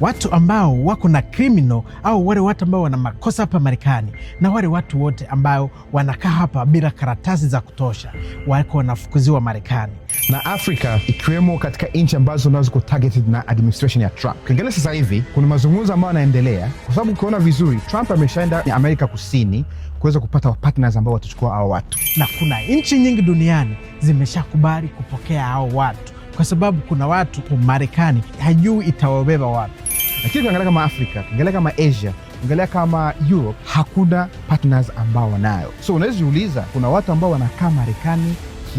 watu ambao wako na criminal au wale watu ambao wana makosa hapa Marekani na wale watu wote ambao wanakaa hapa bila karatasi za kutosha wako wanafukuziwa Marekani na Afrika, ikiwemo katika nchi ambazo nazo ku targeted na administration ya Trump. kiengele sasa hivi kuna mazungumzo ambayo yanaendelea, kwa sababu ukiona vizuri, Trump ameshaenda Amerika Kusini kuweza kupata partners ambao watachukua hao watu, na kuna nchi nyingi duniani zimeshakubali kupokea hao watu, kwa sababu kuna watu Marekani hajui itawabeba wapi lakini ukiangalia kama Afrika, ukiangalia kama Asia, ukiangalia kama Europe, hakuna partners ambao wanayo. So unaweza jiuliza, kuna watu ambao wanakaa Marekani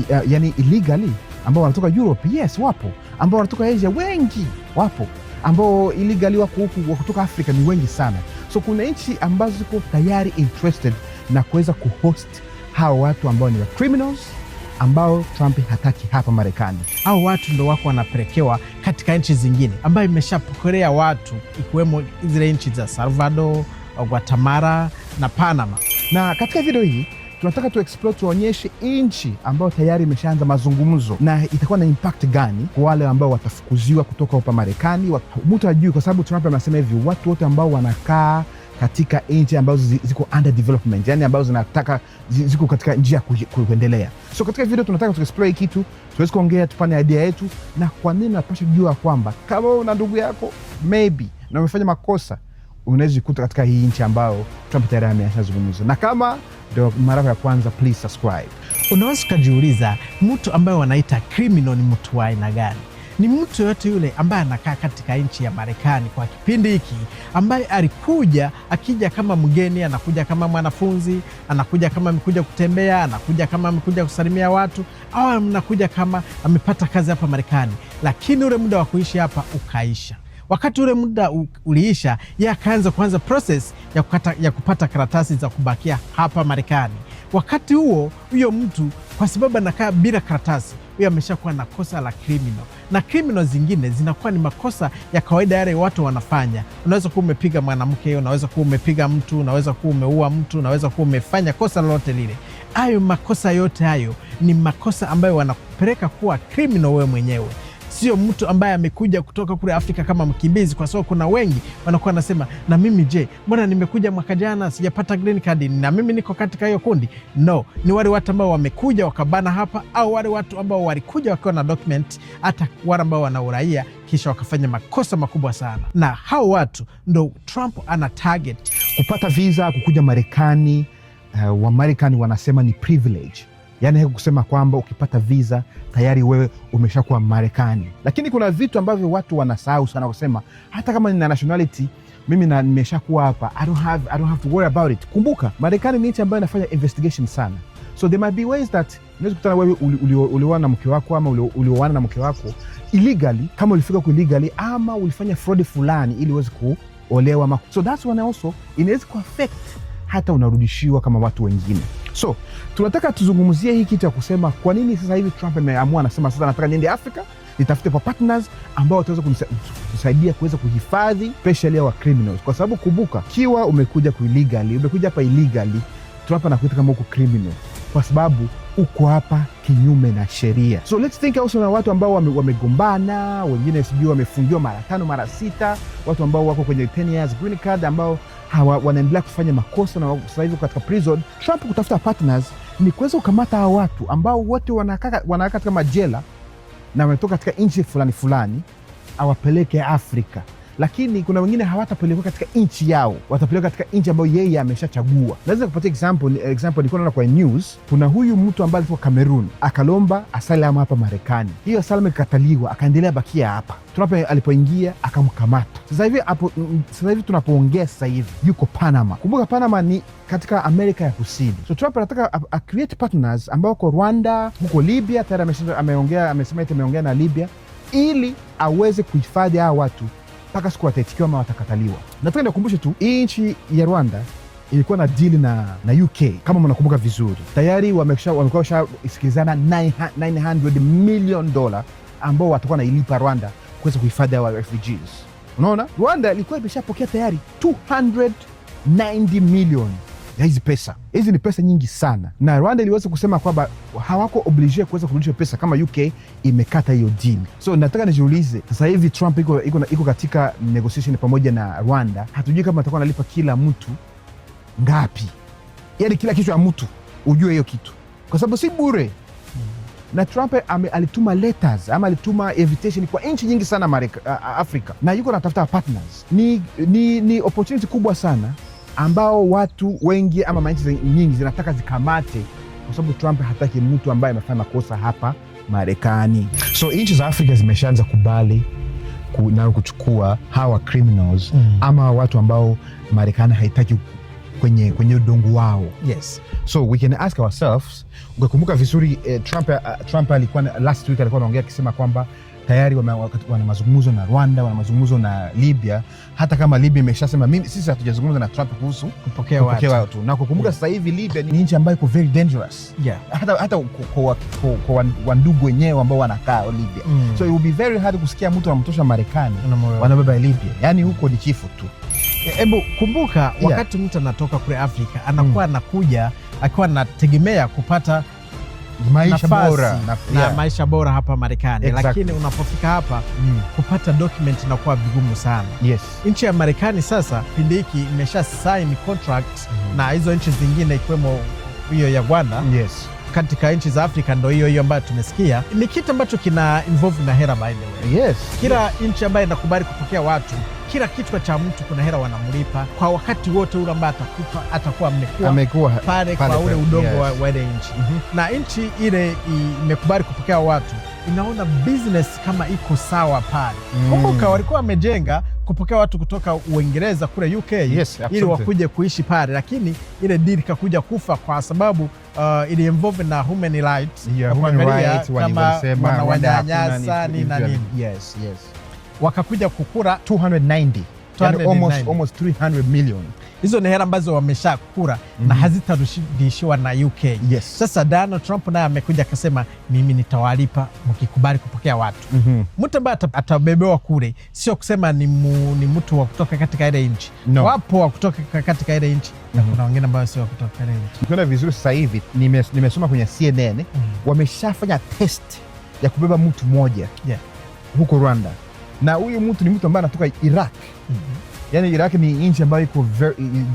uh, yani illegally ambao wanatoka Europe, yes wapo, ambao wanatoka Asia wengi wapo, ambao illegally wako huku wa kutoka Afrika ni wengi sana. So kuna nchi ambazo ziko tayari interested na kuweza kuhost hawa watu ambao ni wa criminals ambao Trump hataki hapa Marekani. Au watu ndo wako wanapelekewa katika nchi zingine ambayo imeshapokelea watu ikiwemo zile nchi za Salvador, Guatemala na Panama. Na katika video hii tunataka tu explore nchi ambayo tayari imeshaanza mazungumzo na itakuwa na impact gani kwa wale ambao watafukuziwa kutoka hapa Marekani. Mtu ajui, kwa sababu Trump amesema hivi, watu wote ambao wanakaa katika nchi ambazo ziko under development, yani ambazo zinataka ziko katika njia kuendelea. So katika video tunataka tuexplore kitu, tuweze kuongea, tupane idea yetu, na kwa nini napasha kujua kwamba kama una ndugu yako maybe na umefanya makosa, unaweza kukuta katika hii nchi ambayo Trump tayari ameshazungumza. Na kama ndio mara ya kwanza, please subscribe. Unaweza ukajiuliza mtu ambaye wanaita criminal ni mtu wa aina gani? ni mtu yoyote yule ambaye anakaa katika nchi ya Marekani kwa kipindi hiki, ambaye alikuja akija kama mgeni, anakuja kama mwanafunzi, anakuja kama amekuja kutembea, anakuja kama amekuja kusalimia watu, au anakuja kama amepata kazi hapa Marekani, lakini ule muda wa kuishi hapa ukaisha wakati ule muda uliisha, yeye akaanza kuanza proses ya, ya kupata karatasi za kubakia hapa Marekani. Wakati huo huyo mtu kwa sababu anakaa bila karatasi, huyo ameshakuwa na kosa la criminal, na criminal zingine zinakuwa ni makosa ya kawaida yale watu wanafanya. Unaweza kuwa umepiga mwanamke, unaweza kuwa umepiga mtu, unaweza kuwa umeua mtu, unaweza kuwa umefanya kosa lolote lile. Hayo makosa yote hayo ni makosa ambayo wanakupeleka kuwa criminal wewe mwenyewe sio mtu ambaye amekuja kutoka kule Afrika kama mkimbizi, kwa sababu kuna wengi wanakuwa wanasema, na mimi je, mbona nimekuja mwaka jana sijapata green card, na mimi niko katika hiyo kundi? No, ni wale watu ambao wamekuja wakabana hapa, au wale watu ambao walikuja wakiwa na document, hata wale ambao wana uraia kisha wakafanya makosa makubwa sana, na hao watu ndo Trump ana target kupata visa kukuja Marekani. Uh, Wamarekani wanasema ni privilege yaani kusema kwamba ukipata visa tayari wewe umeshakuwa Marekani. Lakini kuna vitu ambavyo watu wanasahau sana kusema, hata kama nina nationality mimi na nimeshakuwa hapa, I don't have, I don't have to worry about it. Kumbuka Marekani ni nchi ambayo inafanya investigation sana, so there might be ways that unaweza kutana wewe ulioana na mke wako ama ulioana na mke wako illegally, kama ulifika huko illegally ama ulifanya fraud fulani ili uweze kuolewa. So that's when also inaweza kuaffect hata unarudishiwa kama watu wengine. So tunataka tuzungumzie hii kitu ya kusema kwa nini sasa hivi Trump ameamua, anasema sasa nataka niende Afrika nitafute kwa partners ambao wataweza kusaidia kuweza kuhifadhi especially wa criminals, kwa sababu kumbuka, kiwa umekuja illegally, umekuja hapa illegally, Trump anakuita kama uko criminal kwa sababu uko hapa kinyume na sheria. So let's think also na watu ambao wamegombana, wengine sijui wamefungiwa mara tano mara sita, watu ambao wako kwenye 10 years green card ambao hawa wanaendelea kufanya makosa na sasa hivi katika prison. Trump kutafuta partners ni kuweza kukamata hawa watu ambao wote wanakaa wanakaa katika majela na wametoka katika nchi fulani fulani awapeleke Afrika lakini kuna wengine hawatapelekwa katika nchi yao, watapelekwa katika nchi ambayo yeye ameshachagua. Naweza kupatia example, example nilikuwa naona kwa news, kuna huyu mtu ambaye alikuwa Cameroon akalomba asalamu hapa Marekani, hiyo asalamu ikakataliwa, akaendelea bakia hapa tunapo alipoingia akamkamata. Sasa hivi hapo, mm, sasa hivi tunapoongea sasa hivi yuko Panama. Kumbuka Panama ni katika Amerika ya Kusini, so Trump anataka a, create partners ambao wako Rwanda, huko Libya tayari ameongea, amesema eti ameongea na Libya ili aweze kuhifadhi hawa watu mpaka siku ya watahitikiwa ama watakataliwa. Nataka nikukumbushe tu hii nchi ya Rwanda ilikuwa na dili na, na UK kama mnakumbuka vizuri, tayari wamekuwa shasikilizana 900 million dola ambao watakuwa wanailipa Rwanda kuweza kuhifadhi hawa refugees. Unaona, Rwanda ilikuwa imeshapokea tayari 290 million ya hizi pesa. Hizi ni pesa nyingi sana, na Rwanda iliweza kusema kwamba hawako oblige kuweza kurudisha pesa kama UK imekata hiyo deal. So nataka nijiulize sasa hivi Trump iko, iko, iko katika negotiation pamoja na Rwanda, hatujui kama atakuwa analipa kila mtu ngapi, yani kila kichwa ya mtu ujue hiyo kitu, kwa sababu si bure na Trump ame, alituma letters ama alituma invitation kwa nchi nyingi sana uh, Afrika na yuko natafuta partners. Ni, ni, ni opportunity kubwa sana ambao watu wengi ama manchi nyingi zinataka zikamate, kwa sababu Trump hataki mtu ambaye amefanya makosa hapa Marekani. So nchi za Afrika zimeshaanza kubali nao kuchukua hawa criminals mm. ama watu ambao Marekani haitaki kwenye, kwenye udongo wao. Yes. So we can ask ourselves, ukakumbuka vizuri eh, Trump, uh, Trump alikuwa last week alikuwa anaongea akisema kwamba tayari wana mazungumzo na Rwanda, wana mazungumzo na Libya, hata kama Libya imeshasema mimi, sisi hatujazungumza na Trump kuhusu kupokea watu, watu. Na kukumbuka yeah. Sasa hivi Libya ni nchi ambayo iko very dangerous yeah. hata, hata kwa wandugu wenyewe ambao wanakaa Libya mm. so it will be very hard kusikia mtu anamtosha Marekani wanabeba Libya, yaani huko ni chifu tu. E, hebu kumbuka wakati yeah. mtu anatoka kule Afrika anakuwa mm. anakuja akiwa anategemea kupata maisha bora na, yeah. maisha bora hapa Marekani exactly. Lakini unapofika hapa mm. kupata document inakuwa vigumu sana yes. Nchi ya Marekani sasa kipindi hiki imesha sign contract mm. Mm-hmm. na hizo nchi zingine ikiwemo hiyo ya Rwanda yes. Katika nchi za Afrika ndo hiyo hiyo ambayo tumesikia, ni kitu ambacho kina involve na hera by the way yes. Kila yes. nchi ambayo inakubali kupokea watu kila kichwa cha mtu kuna hela wanamlipa kwa wakati wote ule ambaye atakufa atakuwa amekuwa pale kwa ule udongo yes. wa, ile nchi mm -hmm. na nchi ile imekubali kupokea watu inaona business kama iko sawa pale. Mm. Kumbuka mm. walikuwa wamejenga kupokea watu kutoka Uingereza kule UK yes, ili wakuje kuishi pale, lakini ile deal ikakuja kufa kwa sababu uh, ili involve na human rights yeah, kama wanawanyanyasa ni na nini yes, yes wakakuja kukura 290 yani million. Hizo ni hela ambazo wamesha kura mm -hmm. na mhm. hazitarudishiwa na UK yes. Sasa Donald Trump naye amekuja akasema, mimi nitawalipa mkikubali kupokea watu mhm. mtu mm -hmm. ambaye atabebewa kule, sio kusema ni, mu, ni mtu wa kutoka katika ile nchi no. Wapo wa kutoka katika ile nchi mm -hmm. na mhm. kuna wengine ambayo sio wa kutoka ile nchi. Ukiona vizuri sasa hivi nimesoma kwenye CNN mm -hmm. wameshafanya test ya kubeba mtu mmoja yeah. huko Rwanda na huyu mtu ni mtu ambaye anatoka Iraq. mm -hmm. Yani Iraq ni nchi ambayo iko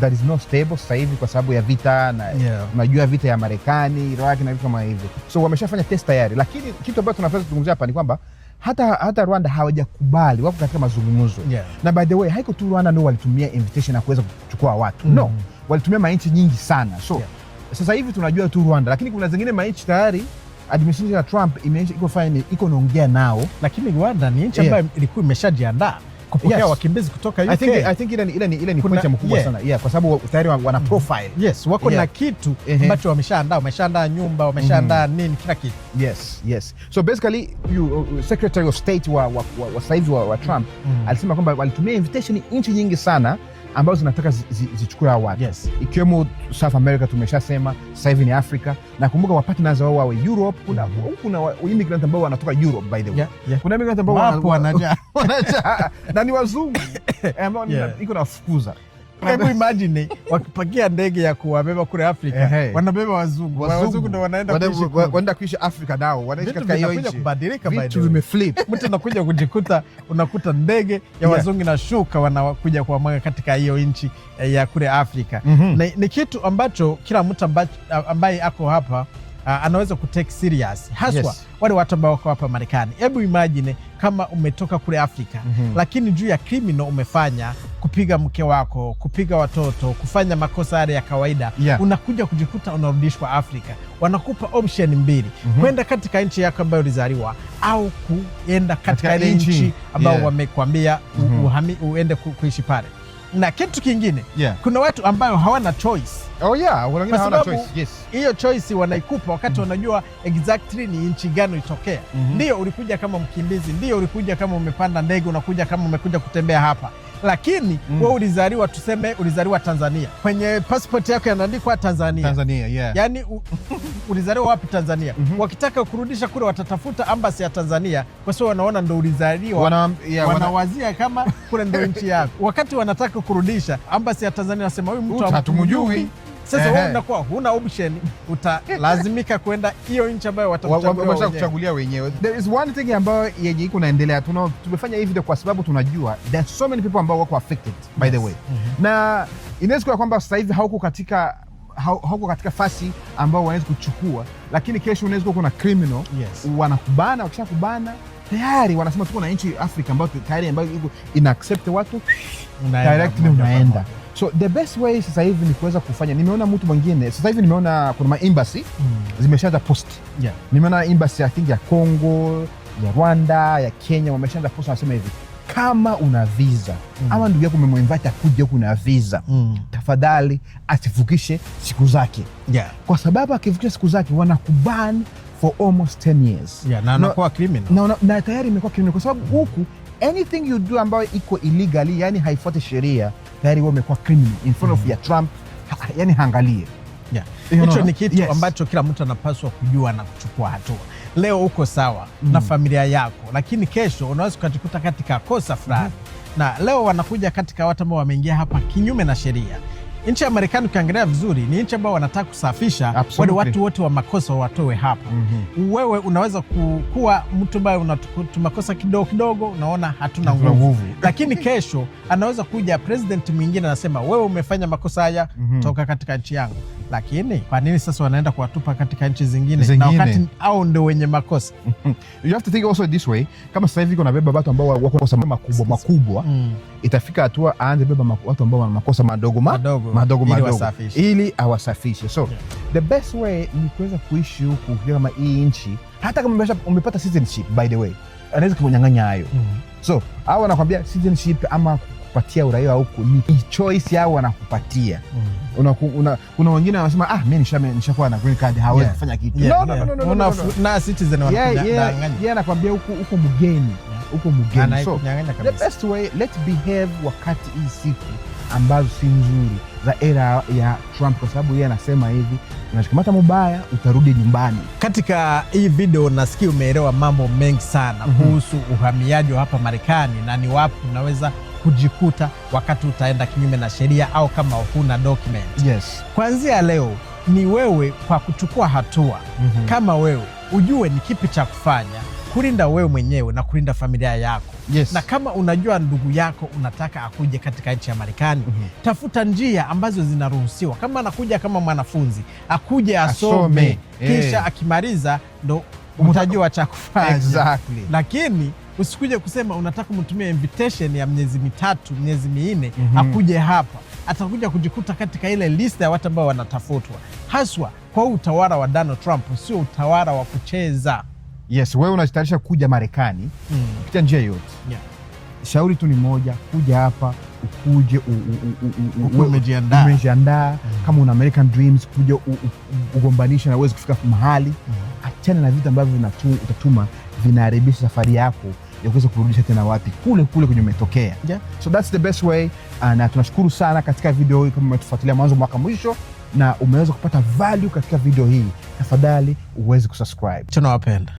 that is not stable sasa hivi kwa sababu ya vita na yeah. Unajua vita ya Marekani Iraq na vitu kama hivyo, so wameshafanya test tayari, lakini kitu ambacho tunafaa kuzungumzia hapa ni kwamba hata, hata Rwanda hawajakubali, wako katika mazungumzo yeah. Na by the way haiko tu Rwanda ndio walitumia invitation ya kuweza kuchukua watu mm -hmm. No, mm-hmm. walitumia manchi nyingi sana so yeah. Sasa hivi tunajua tu Rwanda, lakini kuna zingine manchi tayari administration ya Trump iko fine, iko naongea nao, lakini Rwanda ni nchi ambayo yeah. ilikuwa imeshajiandaa kupokea yes. wakimbizi kutoka UK. I think, I think ile ni, ile ni, ile ni pointi mkubwa yeah. sana yeah, kwa sababu tayari wana mm-hmm. profile yes, wako yeah. na kitu mm-hmm. ambacho uh -huh. wameshaandaa, wameshaandaa nyumba, wameshaandaa mm -hmm. nini kila kitu yes, yes. So basically you, uh, uh, Secretary of State wa, wa, wa, wa saizi wa, wa Trump mm -hmm. alisema kwamba walitumia invitation nchi nyingi sana ambazo zinataka zichukue hao watu yes. Ikiwemo South America tumeshasema, sasa hivi ni Africa. Nakumbuka wapatnaz wao wawe Europe. Kuna mhm. kuna immigrant ambao wanatoka Europe by the way yeah, yeah. Kuna immigrant ambao wanaja na ni wazungu eh, ambao iko nafukuza Hebu imagine wakipakia ndege ya kuwabeba kule Afrika hey. Wanabeba wazungu wazungu ndo wanaenda kuishi Afrika nao wanaishi katika hiyo nchi, kubadilika vitu vimeflip. Mtu anakuja kujikuta unakuta ndege ya yeah. Nashuka inashuka wanakuja kuwamwaga katika hiyo nchi eh, ya kule Afrika mm -hmm. Ni kitu ambacho kila mtu ambaye ako hapa Uh, anaweza kutake serious haswa yes. Wale watu ambao wako hapa Marekani, hebu imagine kama umetoka kule Afrika mm -hmm. Lakini juu ya criminal umefanya kupiga mke wako, kupiga watoto, kufanya makosa yale ya kawaida yeah. Unakuja kujikuta unarudishwa Afrika, wanakupa option mbili mm -hmm. Kwenda katika nchi yako ambayo ulizaliwa au kuenda katika ile nchi ambayo yeah. Wamekwambia mm -hmm. Uende kuishi pale na kitu kingine yeah. Kuna watu ambayo hawana choice oh, yeah. Wengine hawana choice yes. Hiyo choice wanaikupa wakati mm -hmm. wanajua exactly ni nchi gani itokea mm -hmm. Ndio ulikuja kama mkimbizi, ndio ulikuja kama umepanda ndege, unakuja kama umekuja kutembea hapa lakini mm. wewe ulizaliwa tuseme, ulizaliwa Tanzania, kwenye pasipoti yako yanaandikwa Tanzania, Tanzania yeah. Yani ulizaliwa wapi Tanzania? mm -hmm. Wakitaka kurudisha kule watatafuta ambasi ya Tanzania kwa sababu wanaona ndo ulizaliwa wana, yeah, wanawazia wana... kama kule ndo nchi yako. Wakati wanataka kurudisha ambasi ya Tanzania, nasema huyu mtu hatumjui sasa wewe unakuwa huna option, utalazimika kwenda hiyo nchi ambayo watakuchagulia wenyewe. There is one thing ambayo yenye iko naendelea, tumefanya hii video kwa sababu tunajua there so many people ambao wako affected by the way, mm-hmm. na inaweza kuwa kwamba sasa hivi hauko katika hauko katika fasi ambao wanaweza kuchukua, lakini kesho unaweza kuwa kuna criminal yes, wanakubana wakishakubana tayari wanasema tuko na nchi Afrika ambayo tayari ambayo ina accept watu directly unaenda So the best way sasa hivi ni kuweza kufanya. Nimeona mtu mwingine sasa hivi, nimeona kuna ma embassy mm. zimeshaanza post yeah. Nimeona embassy I think ya Congo, ya Rwanda, ya Kenya wameshaanza post, wanasema hivi kama una visa mm. ama ndugu yako umemwinvite akuje huku na visa mm. tafadhali asivukishe siku zake yeah. Kwa sababu akivukisha siku zake wanakubani for almost 10 years. Yeah, na anakuwa criminal. Na, na, na tayari imekuwa criminal kwa sababu huku anything you do ambayo iko illegally, yani haifuati sheria, tayari wewe umekuwa criminal in front mm. of your Trump, yani haangalie hicho yeah. you know, ni kitu yes. ambacho kila mtu anapaswa kujua na kuchukua hatua. Leo uko sawa mm. na familia yako, lakini kesho unaweza ukajikuta katika kosa fulani mm. na leo wanakuja katika watu ambao wameingia hapa kinyume na sheria nchi ya Marekani ukiangalia vizuri ni nchi ambayo wanataka kusafisha wale watu wote wa makosa watoe hapa. mm -hmm. Wewe unaweza kuwa mtu ambaye unatumakosa kidogo kidogo, unaona hatuna nguvu, lakini kesho anaweza kuja president mwingine anasema wewe umefanya makosa haya, mm -hmm. toka katika nchi yangu. Lakini kwa nini sasa wanaenda kuwatupa katika nchi zingine, zingine, na wakati au ndio wenye makosa? You have to think also this way, kama sasa hivi kuna beba watu ambao wako makosa makubwa makubwa, mm. itafika hatua aanze beba watu ambao wana makosa madogo madogo Mm. madogo madogo ili awasafishe. So yeah. the best way ni kuweza kuishi huku kama hii nchi, hata kama umepata citizenship, by the way, anaweza kumnyang'anya hayo mm -hmm. so au anakwambia citizenship ama kupatia uraia huku ni choice yao wanakupatia. mm. -hmm. Una, una wengine wanasema ah, mi nishakuwa na green card hawezi yeah. kufanya kitu yeah, no, yeah. no, no, no, no, no. na citizen wanakuja yeah, yeah, yeye anakwambia huku huku mgeni huko mgeni, so the best way let behave wakati hii siku ambazo si nzuri za era ya Trump, kwa sababu yeye anasema hivi, unashikamata mubaya utarudi nyumbani. Katika hii video nasikia umeelewa mambo mengi sana mhm. kuhusu mm -hmm. uhamiaji wa hapa Marekani na ni wapi unaweza kujikuta wakati utaenda kinyume na sheria au kama huna document. Yes. Kuanzia leo ni wewe kwa kuchukua hatua mm -hmm. kama wewe ujue ni kipi cha kufanya kulinda wewe mwenyewe na kulinda familia yako yes. Na kama unajua ndugu yako unataka akuje katika nchi ya Marekani mm -hmm. Tafuta njia ambazo zinaruhusiwa. Kama anakuja kama mwanafunzi, akuje asome, asome. Kisha eh. akimaliza ndo utajua cha kufanya exactly. Lakini usikuje kusema unataka mtumie invitation ya miezi mitatu miezi minne mm -hmm. akuje hapa atakuja kujikuta katika ile lista ya watu ambao wanatafutwa, haswa kwa utawala wa Donald Trump. Sio utawala wa kucheza. Yes, wewe unajitayarisha kuja Marekani hmm. kupitia mm. njia yote yeah. Shauri tu ni moja, kuja hapa ukuje umejiandaa, mm. kama una American dreams, kuja ugombanisha na uwezi kufika mahali mm. Achana na vitu ambavyo utatuma vinaharibisha safari yako ya kuweza kurudisha tena wapi, kule kule kwenye umetokea. yeah. So that's the best way. Ah, na tunashukuru sana katika video hii, kama umetufuatilia mwanzo mwaka mwisho na umeweza kupata value katika video hii, tafadhali uweze kusubscribe. Tunawapenda.